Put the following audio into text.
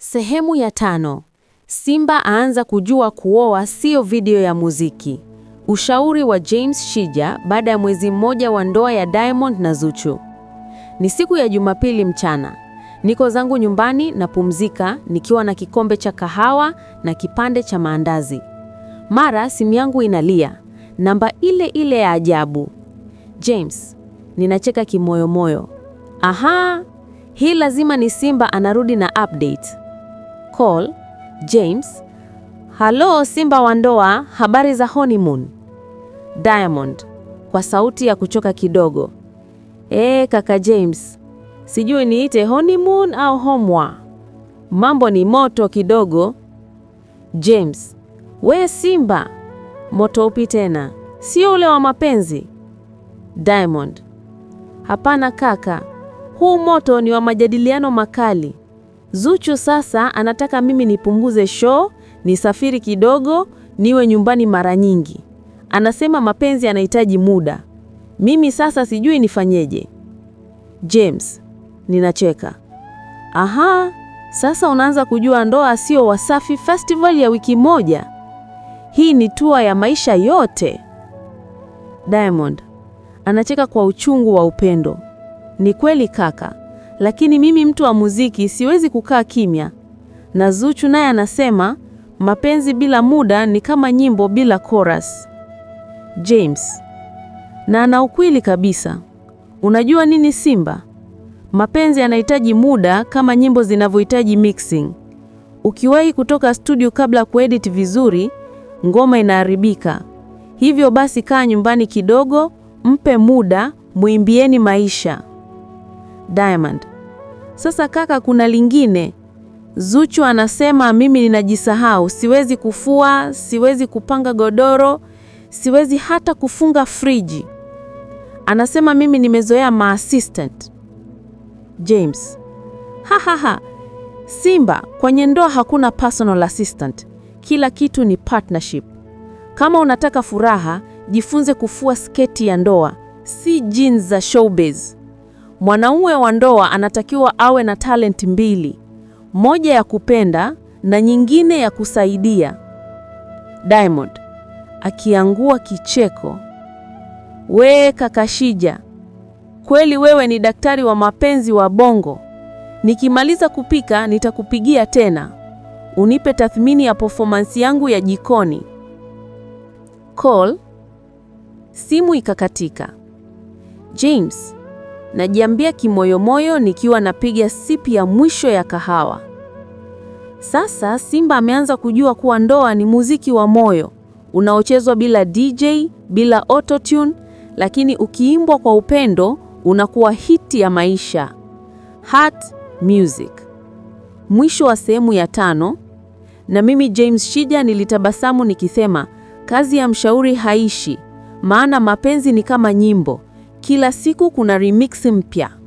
Sehemu ya tano: Simba aanza kujua kuoa sio video ya muziki. Ushauri wa James Shija baada ya mwezi mmoja wa ndoa ya Diamond na Zuchu. Ni siku ya Jumapili mchana. Niko zangu nyumbani napumzika nikiwa na kikombe cha kahawa na kipande cha maandazi. Mara simu yangu inalia, namba ile ile ya ajabu. James, ninacheka kimoyomoyo. Aha, hii lazima ni Simba anarudi na update call James, halo simba wa ndoa, habari za honeymoon. Diamond kwa sauti ya kuchoka kidogo, ee kaka James, sijui niite honeymoon au homwa, mambo ni moto kidogo. James, we simba, moto upi tena? Sio ule wa mapenzi? Diamond, hapana kaka, huu moto ni wa majadiliano makali. Zuchu sasa anataka mimi nipunguze show, nisafiri kidogo, niwe nyumbani mara nyingi. Anasema mapenzi yanahitaji muda. Mimi sasa sijui nifanyeje. James, ninacheka. Aha, sasa unaanza kujua ndoa sio Wasafi Festival ya wiki moja. Hii ni tua ya maisha yote. Diamond anacheka kwa uchungu wa upendo. Ni kweli kaka, lakini mimi mtu wa muziki siwezi kukaa kimya. Na Zuchu naye anasema mapenzi bila muda ni kama nyimbo bila chorus. James na ana ukweli kabisa. Unajua nini Simba, mapenzi yanahitaji muda kama nyimbo zinavyohitaji mixing. Ukiwahi kutoka studio kabla ya kuedit vizuri, ngoma inaharibika. Hivyo basi, kaa nyumbani kidogo, mpe muda, mwimbieni maisha. Diamond. Sasa kaka, kuna lingine. Zuchu anasema mimi ninajisahau, siwezi kufua, siwezi kupanga godoro, siwezi hata kufunga friji. Anasema mimi nimezoea maassistant. James: hahaha ha. Simba, kwenye ndoa hakuna personal assistant, kila kitu ni partnership. Kama unataka furaha, jifunze kufua sketi ya ndoa, si jeans za showbiz. Mwanaume wa ndoa anatakiwa awe na talenti mbili, moja ya kupenda na nyingine ya kusaidia. Diamond akiangua kicheko, wee kakashija kweli wewe ni daktari wa mapenzi wa Bongo. Nikimaliza kupika nitakupigia tena unipe tathmini ya performance yangu ya jikoni. Call simu ikakatika. James najiambia kimoyomoyo nikiwa napiga sipi ya mwisho ya kahawa. Sasa Simba ameanza kujua kuwa ndoa ni muziki wa moyo unaochezwa bila DJ, bila autotune, lakini ukiimbwa kwa upendo unakuwa hiti ya maisha. Heart music. Mwisho wa sehemu ya tano. Na mimi James Shija nilitabasamu nikisema, kazi ya mshauri haishi, maana mapenzi ni kama nyimbo. Kila siku kuna remix mpya.